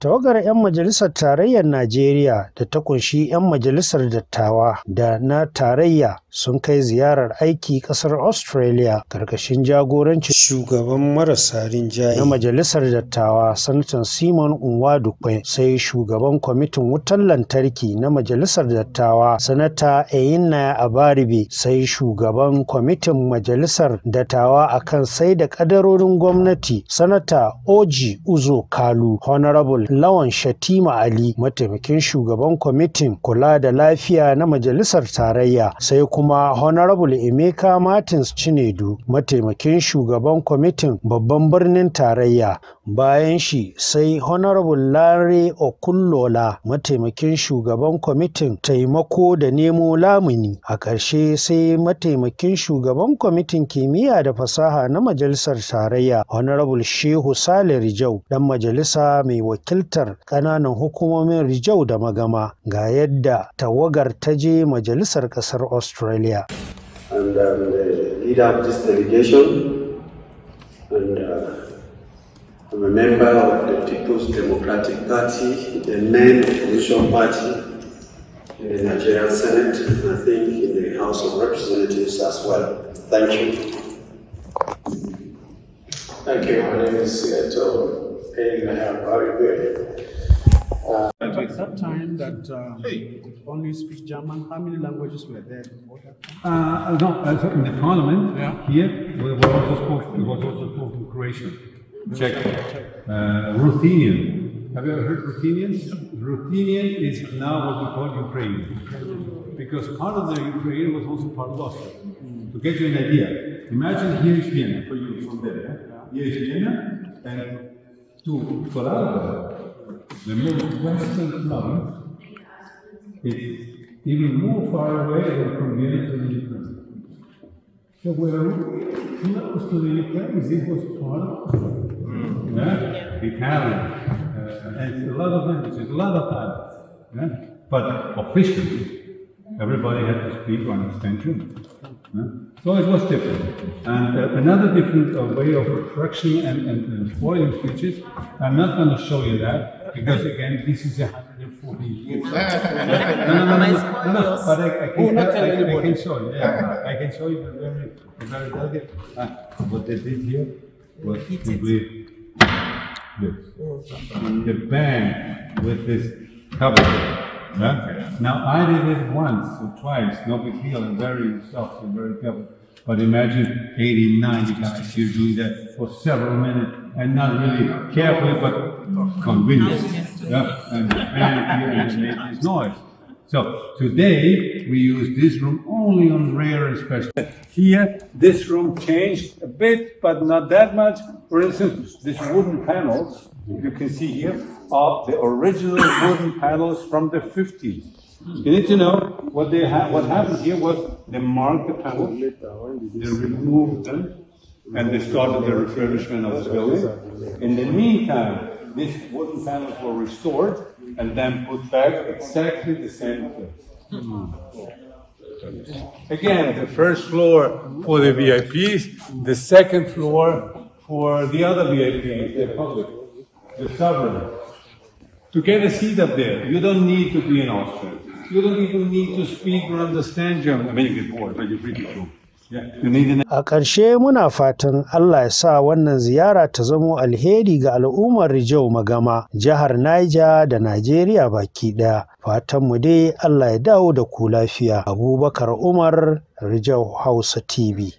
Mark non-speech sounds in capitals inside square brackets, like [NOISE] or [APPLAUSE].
Tawagar 'yan majalisar tarayyar Najeriya da ta kunshi 'yan majalisar dattawa da na tarayya sun kai ziyarar aiki kasar Australia karkashin jagorancin shugaban marasa rinjaye na majalisar dattawa sanatan Simon Nwadukwe sai shugaban kwamitin wutar lantarki na majalisar dattawa sanata Eyinna Abaribe sai shugaban kwamitin majalisar dattawa akan sai da kadarorin gwamnati sanata Oji Uzo Kalu Honorable Lawan Shatima Ali mataimakin shugaban kwamitin kula da lafiya na majalisar tarayya sai kuma Honorable Emeka Martins Chinedu mataimakin shugaban kwamitin babban birnin tarayya bayan shi sai Honorable Lare Okunlola mataimakin shugaban kwamitin taimako da nemo lamuni a ƙarshe sai mataimakin shugaban kwamitin kimiyya da fasaha na majalisar tarayya Honorable Shehu Sale Rijau dan majalisa mai wakil wakiltar ƙananan hukumomin Rijau da Magama ga yadda tawagar ta je majalisar ƙasar Australia. And, um, the leader of this delegation and uh, I'm a member of the People's Democratic Party, the main opposition party in the Nigerian Senate, and I think in the House of Representatives as well. Thank you. Thank you. My name is Seattle. Uh, pain in at that uh, time, that um, only speak German, how many languages were there uh, uh, no, uh, in the parliament yeah. here, we were also spoken, was also spoken Croatian, Czech, uh, Ruthenian. Have you ever heard Ruthenian? Yeah. Ruthenian is now what we call Ukraine, because part of the Ukraine was also part of Austria. Mm. To get you an idea, imagine here is Vienna for you from there. Yeah. Here is Vienna, and to, forever. the the Midwestern club is even more far away than from Vienna to the Ukraine. So we're close to the Ukraine, it was part of hmm. yeah? Italian, uh, and a lot of languages, a lot of dialects. Yeah? But officially, everybody had to speak on extension. So it was different. And uh, another different uh, way of correction and, and uh, foiling I'm not going to show you that because again, this is 140 years. [LAUGHS] no, no, no, no, but I, I, oh, can, oh, I, I, can show you. Yeah, I can show you the very, the very delicate. Uh, what they did here was to be this. Oh, the band with this cover. Now, I did it once or twice, no big deal, very soft and very careful. But imagine 80, 90 guys here doing that for several minutes and not really carefully, but conveniently. Yeah? And, and, and made this noise. So today we use this room only on rare and special. Here, this room changed a bit, but not that much. For instance, these wooden panels you can see here, are the original wooden panels from the 50s. You need to know what they ha- what happened here was they marked the they removed them, and they started the refurbishment of the building. In the meantime, these wooden panels were restored and then put back exactly the same place. Hmm. Again, the first floor for the VIPs, the second floor for the other VIPs, the public. the sovereign, to get a seat up there. You don't need to be an Austrian. You don't even need to speak or understand German. I mean, you get bored, but you're pretty cool. A ƙarshe muna fatan Allah ya sa wannan ziyara ta zamo alheri ga al'ummar Rijau Magama, jihar Niger da Najeriya baki ɗaya. Fatanmu dai Allah ya dawo da ku lafiya. Abubakar Umar, Rijau Hausa TV.